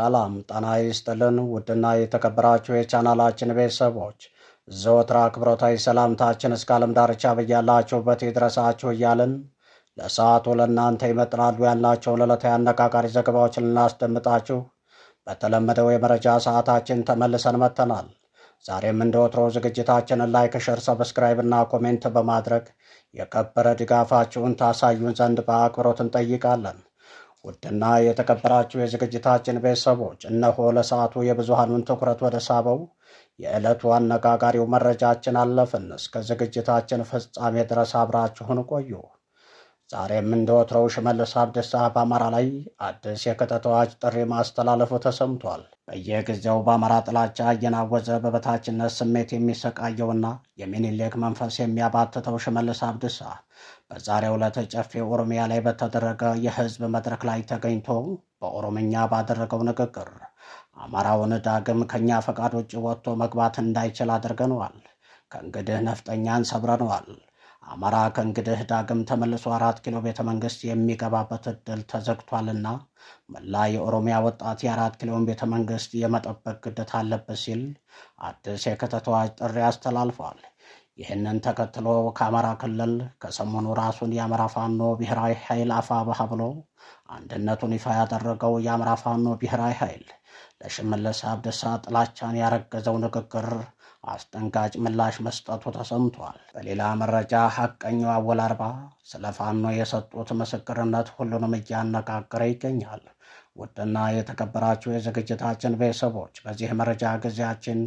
ሰላም ጤና ይስጥልን ውድና የተከበራችሁ የቻናላችን ቤተሰቦች ዘወትር አክብሮታዊ ሰላምታችን እስከ ዓለም ዳርቻ በያላችሁበት ይድረሳችሁ እያልን ለሰዓቱ ለእናንተ ይመጥናሉ ያልናቸውን ዕለታዊ አነቃቃሪ ዘገባዎችን ልናስደምጣችሁ በተለመደው የመረጃ ሰዓታችን ተመልሰን መጥተናል። ዛሬም እንደ ወትሮ ዝግጅታችንን ላይክ፣ ሸር፣ ሰብስክራይብ እና ኮሜንት በማድረግ የከበረ ድጋፋችሁን ታሳዩን ዘንድ በአክብሮት እንጠይቃለን። ውድና የተከበራችሁ የዝግጅታችን ቤተሰቦች እነሆ ለሰዓቱ የብዙሃኑን ትኩረት ወደ ሳበው የዕለቱ አነጋጋሪው መረጃችን አለፍን። እስከ ዝግጅታችን ፍጻሜ ድረስ አብራችሁን ቆዩ። ዛሬም እንደወትሮው ሽመልስ አብዲሳ በአማራ ላይ አዲስ የክተት አዋጅ ጥሪ ማስተላለፉ ተሰምቷል። በየጊዜው በአማራ ጥላቻ እየናወዘ በበታችነት ስሜት የሚሰቃየውና የሚኒሌክ መንፈስ የሚያባትተው ሽመልስ አብዲሳ በዛሬው ዕለት ጨፌ ኦሮሚያ ላይ በተደረገ የህዝብ መድረክ ላይ ተገኝቶ በኦሮምኛ ባደረገው ንግግር አማራውን ዳግም ከእኛ ፈቃድ ውጭ ወጥቶ መግባት እንዳይችል አድርገነዋል። ከእንግዲህ ነፍጠኛን ሰብረነዋል። አማራ ከእንግዲህ ዳግም ተመልሶ አራት ኪሎ ቤተ መንግስት የሚገባበት እድል ተዘግቷልና መላ የኦሮሚያ ወጣት የአራት ኪሎን ቤተ መንግስት የመጠበቅ ግዴታ አለበት ሲል አዲስ የክተት አዋጅ ጥሪ አስተላልፏል። ይህንን ተከትሎ ከአማራ ክልል ከሰሞኑ ራሱን የአማራ ፋኖ ብሔራዊ ኃይል አፋብኃ ብሎ አንድነቱን ይፋ ያደረገው የአማራ ፋኖ ብሔራዊ ኃይል ለሽመለስ አብደሳ ጥላቻን ያረገዘው ንግግር አስጠንጋጭ ምላሽ መስጠቱ ተሰምቷል። በሌላ መረጃ ሐቀኛው አወል አርባ ስለ ፋኖ የሰጡት ምስክርነት ሁሉንም እያነጋገረ ይገኛል። ውድና የተከበራችሁ የዝግጅታችን ቤተሰቦች በዚህ መረጃ ጊዜያችን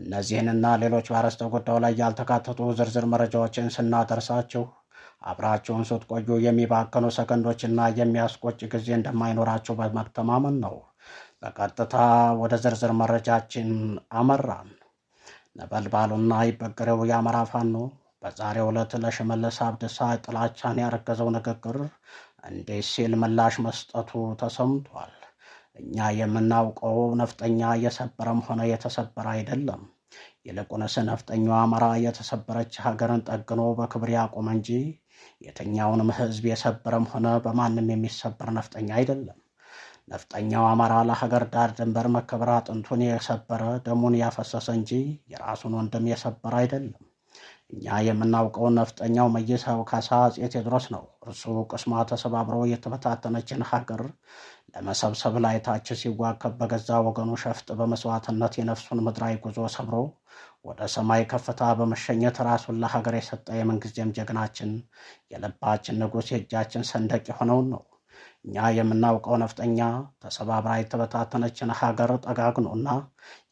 እነዚህንና ሌሎች በአርዕስተ ጉዳዩ ላይ ያልተካተቱ ዝርዝር መረጃዎችን ስናደርሳችሁ አብራችሁን ስትቆዩ የሚባከኑ ሰከንዶችና የሚያስቆጭ ጊዜ እንደማይኖራችሁ በመተማመን ነው። በቀጥታ ወደ ዝርዝር መረጃችን አመራን። ነበልባሉና ይበገሬው የአማራ ፋኖ በዛሬው ዕለት ለሽመልስ አብዲሳ ጥላቻን ያረገዘው ንግግር እንዲህ ሲል ምላሽ መስጠቱ ተሰምቷል። እኛ የምናውቀው ነፍጠኛ እየሰበረም ሆነ የተሰበረ አይደለም። ይልቁንስ ነፍጠኛው አማራ የተሰበረች ሀገርን ጠግኖ በክብር ያቆመ እንጂ የተኛውንም ሕዝብ የሰበረም ሆነ በማንም የሚሰበር ነፍጠኛ አይደለም። ነፍጠኛው አማራ ለሀገር ዳር ድንበር መከበር አጥንቱን የሰበረ ደሙን ያፈሰሰ እንጂ የራሱን ወንድም የሰበረ አይደለም። እኛ የምናውቀው ነፍጠኛው መይሰው ካሳ አፄ ቴዎድሮስ ነው። እርሱ ቅስሟ ተሰባብሮ የተበታተነችን ሀገር ለመሰብሰብ ላይ ታች ሲዋከብ በገዛ ወገኑ ሸፍጥ በመስዋዕትነት የነፍሱን ምድራዊ ጉዞ ሰብሮ ወደ ሰማይ ከፍታ በመሸኘት ራሱን ለሀገር የሰጠ የምንጊዜም ጀግናችን፣ የልባችን ንጉሥ፣ የእጃችን ሰንደቅ የሆነውን ነው። እኛ የምናውቀው ነፍጠኛ ተሰባብራ የተበታተነችን ሀገር ጠጋግኖና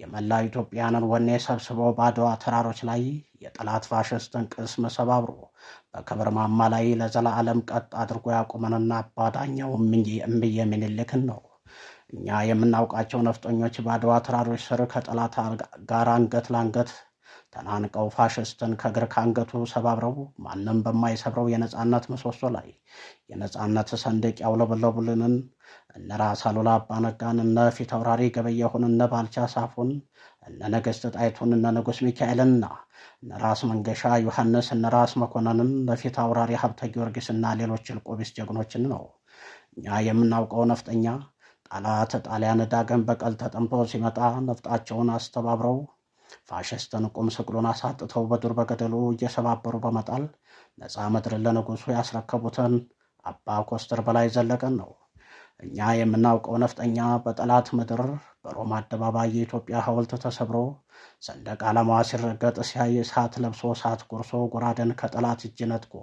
የመላው ኢትዮጵያንን ወኔ ሰብስበው በአድዋ ተራሮች ላይ የጠላት ፋሽስትን ቅስም ሰባብሮ በክብር ማማ ላይ ለዘላለም ቀጥ አድርጎ ያቆመንና አባዳኛው እምዬ ምኒልክን ነው። እኛ የምናውቃቸው ነፍጠኞች በአድዋ ተራሮች ስር ከጠላት ጋር አንገት ለአንገት ተናንቀው ፋሽስትን ከእግር ከአንገቱ ሰባብረው ማንም በማይሰብረው የነፃነት ምሰሶ ላይ የነፃነት ሰንደቅ ያውለበለቡልንን እነ ራስ አሉላ አባነጋን እነ ፊት አውራሪ ገበየሁን እነ ባልቻ ሳፉን እነ ነገሥት ጣይቱን እነ ንጉሥ ሚካኤልና እነ ራስ መንገሻ ዮሐንስ እነ ራስ መኮንንን ለፊት አውራሪ ሀብተ ጊዮርጊስ እና ሌሎች ልቆቢስ ጀግኖችን ነው እኛ የምናውቀው ነፍጠኛ ጠላት ጣሊያን ዳገን በቀል ተጠምቶ ሲመጣ ነፍጣቸውን አስተባብረው ፋሽስትን ቁም ስቅሉን አሳጥተው በዱር በገደሉ እየሰባበሩ በመጣል ነፃ ምድርን ለንጉሱ ያስረከቡትን አባ ኮስተር በላይ ዘለቀን ነው። እኛ የምናውቀው ነፍጠኛ በጠላት ምድር በሮማ አደባባይ የኢትዮጵያ ሐውልት ተሰብሮ ሰንደቅ ዓላማዋ ሲረገጥ ሲያይ እሳት ለብሶ እሳት ጎርሶ ጎራደን ከጠላት እጅ ነጥቆ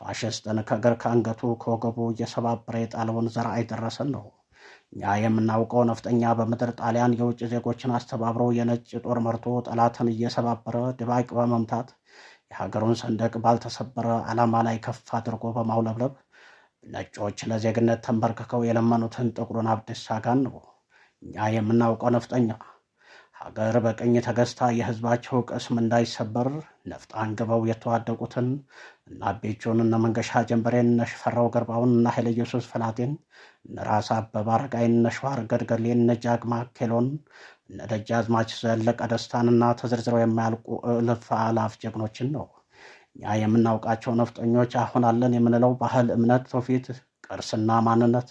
ፋሽስትን ከእግር ከአንገቱ ከወገቡ እየሰባበረ የጣለውን ዘር አይደረሰን ነው። እኛ የምናውቀው ነፍጠኛ በምድር ጣሊያን የውጭ ዜጎችን አስተባብረው የነጭ ጦር መርቶ ጠላትን እየሰባበረ ድባቅ በመምታት የሀገሩን ሰንደቅ ባልተሰበረ ዓላማ ላይ ከፍ አድርጎ በማውለብለብ ነጮች ለዜግነት ተንበርክከው የለመኑትን ጥቁሩን አብዲሳ አጋን ነው እኛ የምናውቀው ነፍጠኛ። ሀገር በቀኝ ተገዝታ የህዝባቸው ቅስም እንዳይሰበር ነፍጥ አንግበው የተዋደቁትን እነ አቤጆን እነ መንገሻ ጀንበሬን እነ ሽፈራው ገርባውን እነ ኃይለ ኢየሱስ ፈላጤን እነ ራስ አበበ አረጋይን እነ ሸዋር ገድገሌን እነ ጃግማ ኬሎን እነ ደጃዝማች ዘለቀ ደስታንና ተዘርዝረው የማያልቁ እልፍ አላፍ ጀግኖችን ነው። እኛ የምናውቃቸው ነፍጠኞች አሁን አለን የምንለው ባህል፣ እምነት፣ ትውፊት፣ ቅርስና ማንነት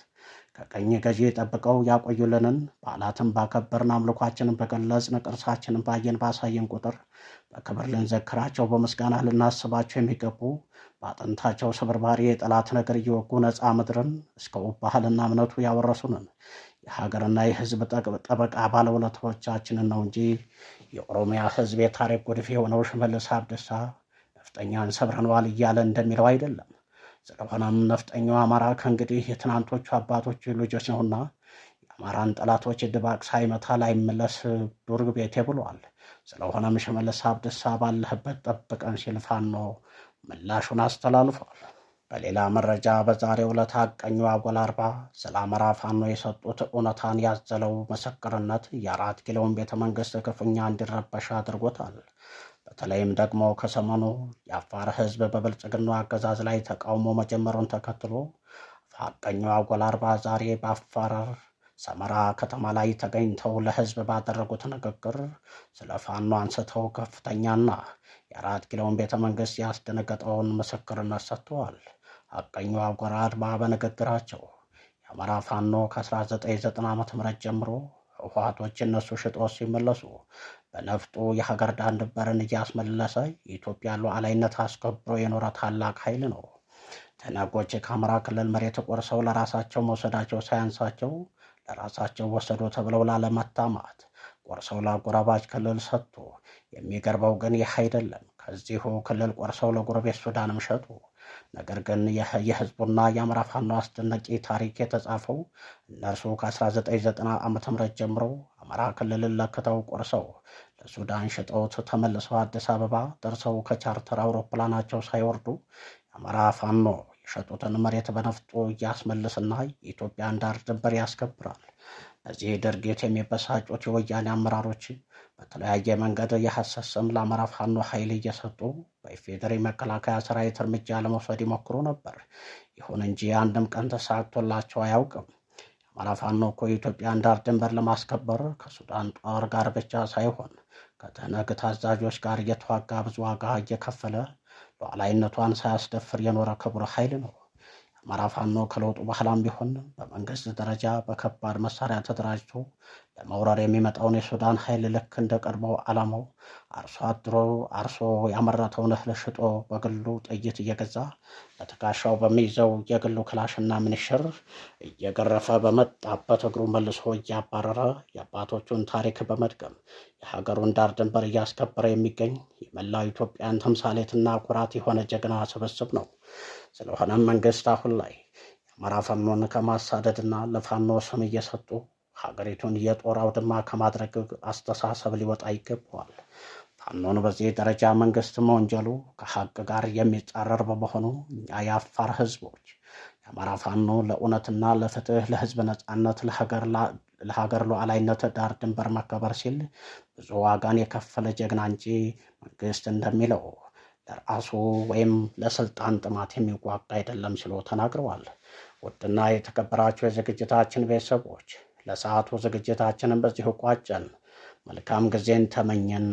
ከቀኝ ገዢ ጠብቀው ያቆዩልንን በዓላትን ባከበርን፣ አምልኳችንን በገለጽን፣ ቅርሳችንን ባየን ባሳየን ቁጥር በክብር ልንዘክራቸው፣ በምስጋና ልናስባቸው የሚገቡ በአጥንታቸው ስብርባሪ የጠላት ነገር እየወጉ ነፃ ምድርን እስከ ውብ ባህልና እምነቱ ያወረሱንን የሀገርና የሕዝብ ጠበቃ ባለውለታዎቻችንን ነው እንጂ የኦሮሚያ ሕዝብ የታሪክ ጉድፍ የሆነው ሽመልስ አብዲሳ ነፍጠኛን ዋል እያለ እንደሚለው አይደለም። ዘገባናም ነፍጠኛው አማራ ከእንግዲህ የትናንቶቹ አባቶች ልጆች ነውና የአማራን ጠላቶች ድባቅ ሳይመታ ላይመለስ ዱርግ ቤቴ ብሏል። ስለሆነም ሽመልስ አብዲሳ ባለህበት ጠብቀን ሲል ፋኖ ምላሹን አስተላልፏል። በሌላ መረጃ በዛሬ ዕለት አቀኙ አጎል አርባ ስለ አማራ ፋኖ የሰጡት እውነታን ያዘለው ምስክርነት የአራት ኪሎውን ቤተ መንግስት ክፉኛ እንዲረበሽ አድርጎታል። በተለይም ደግሞ ከሰሞኑ የአፋር ህዝብ በብልጽግናው አገዛዝ ላይ ተቃውሞ መጀመሩን ተከትሎ ፋቀኛው አጎል አርባ ዛሬ በአፋር ሰመራ ከተማ ላይ ተገኝተው ለህዝብ ባደረጉት ንግግር ስለ ፋኖ አንስተው ከፍተኛና የአራት ኪሎን ቤተ መንግስት ያስደነገጠውን ምስክርነት ሰጥተዋል። ሐቀኛው አጎል አርባ በንግግራቸው የአማራ ፋኖ ከ1990 ዓ ም ጀምሮ ህወሓቶች እነሱ ሽጦ ሲመለሱ በነፍጡ የሀገር ዳር ድንበርን እያስመለሰ የኢትዮጵያ ሉዓላዊነት አስከብሮ የኖረ ታላቅ ኃይል ነው። ተናጎች ከአማራ ክልል መሬት ቆርሰው ለራሳቸው መውሰዳቸው ሳያንሳቸው ለራሳቸው ወሰዶ ተብለው ላለመታማት ቆርሰው ለጎረባች ክልል ሰጥቶ የሚገርበው ግን ይህ አይደለም። ከዚሁ ክልል ቆርሰው ለጎረቤት ሱዳንም ሸጡ። ነገር ግን የህዝቡና የአማራ ፋኖ አስደናቂ ታሪክ የተጻፈው እነርሱ ከ1990 ዓ ም ጀምሮ አማራ ክልልን ለክተው ቆርሰው ለሱዳን ሽጠውት ተመልሰው አዲስ አበባ ደርሰው ከቻርተር አውሮፕላናቸው ሳይወርዱ የአማራ ፋኖ የሸጡትን መሬት በነፍጡ እያስመልስና የኢትዮጵያን ዳር ድንበር ያስከብራል። እዚህ ድርጊት የሚበሳጩት የወያኔ አመራሮች በተለያየ መንገድ የሐሰት ስም ለአማራ ፋኖ ኃይል እየሰጡ በኢፌዴሪ መከላከያ ሰራዊት እርምጃ ለመውሰድ ይሞክሩ ነበር። ይሁን እንጂ አንድም ቀን ተሳክቶላቸው አያውቅም። የአማራ ፋኖ እኮ የኢትዮጵያን ዳር ድንበር ለማስከበር ከሱዳን ጦር ጋር ብቻ ሳይሆን ከትህነግ ታዛዦች ጋር እየተዋጋ ብዙ ዋጋ እየከፈለ ሉዓላዊነቷን ሳያስደፍር የኖረ ክቡር ኃይል ነው። አማራ ፋኖ ከለውጡ በኋላም ቢሆን በመንግስት ደረጃ በከባድ መሳሪያ ተደራጅቶ ለመውረር የሚመጣውን የሱዳን ኃይል ልክ እንደ ቀድሞው ዓላማው አርሶ አድሮ አርሶ ያመረተውን እህል ሽጦ በግሉ ጥይት እየገዛ በትከሻው በሚይዘው የግሉ ክላሽና ምንሽር እየገረፈ በመጣበት እግሩ መልሶ እያባረረ የአባቶቹን ታሪክ በመድገም የሀገሩን ዳር ድንበር እያስከበረ የሚገኝ የመላው ኢትዮጵያን ተምሳሌትና ኩራት የሆነ ጀግና ስብስብ ነው። ስለሆነም መንግስት አሁን ላይ የአማራ ፋኖን ከማሳደድና ለፋኖ ስም እየሰጡ ሀገሪቱን የጦር አውድማ ከማድረግ አስተሳሰብ ሊወጣ ይገባዋል። ፋኖን በዚህ ደረጃ መንግስት መወንጀሉ ከሀቅ ጋር የሚጻረር በመሆኑ እኛ የአፋር ህዝቦች የአማራ ፋኖ ለእውነትና ለፍትህ፣ ለህዝብ ነፃነት፣ ለሀገር ሉዓላይነት ዳር ድንበር መከበር ሲል ብዙ ዋጋን የከፈለ ጀግና እንጂ መንግስት እንደሚለው ለራሱ ወይም ለስልጣን ጥማት የሚዋጋ አይደለም ሲሉ ተናግረዋል። ውድና የተከበራቸው የዝግጅታችን ቤተሰቦች ለሰዓቱ ዝግጅታችንን በዚሁ ቋጨን። መልካም ጊዜን ተመኘን።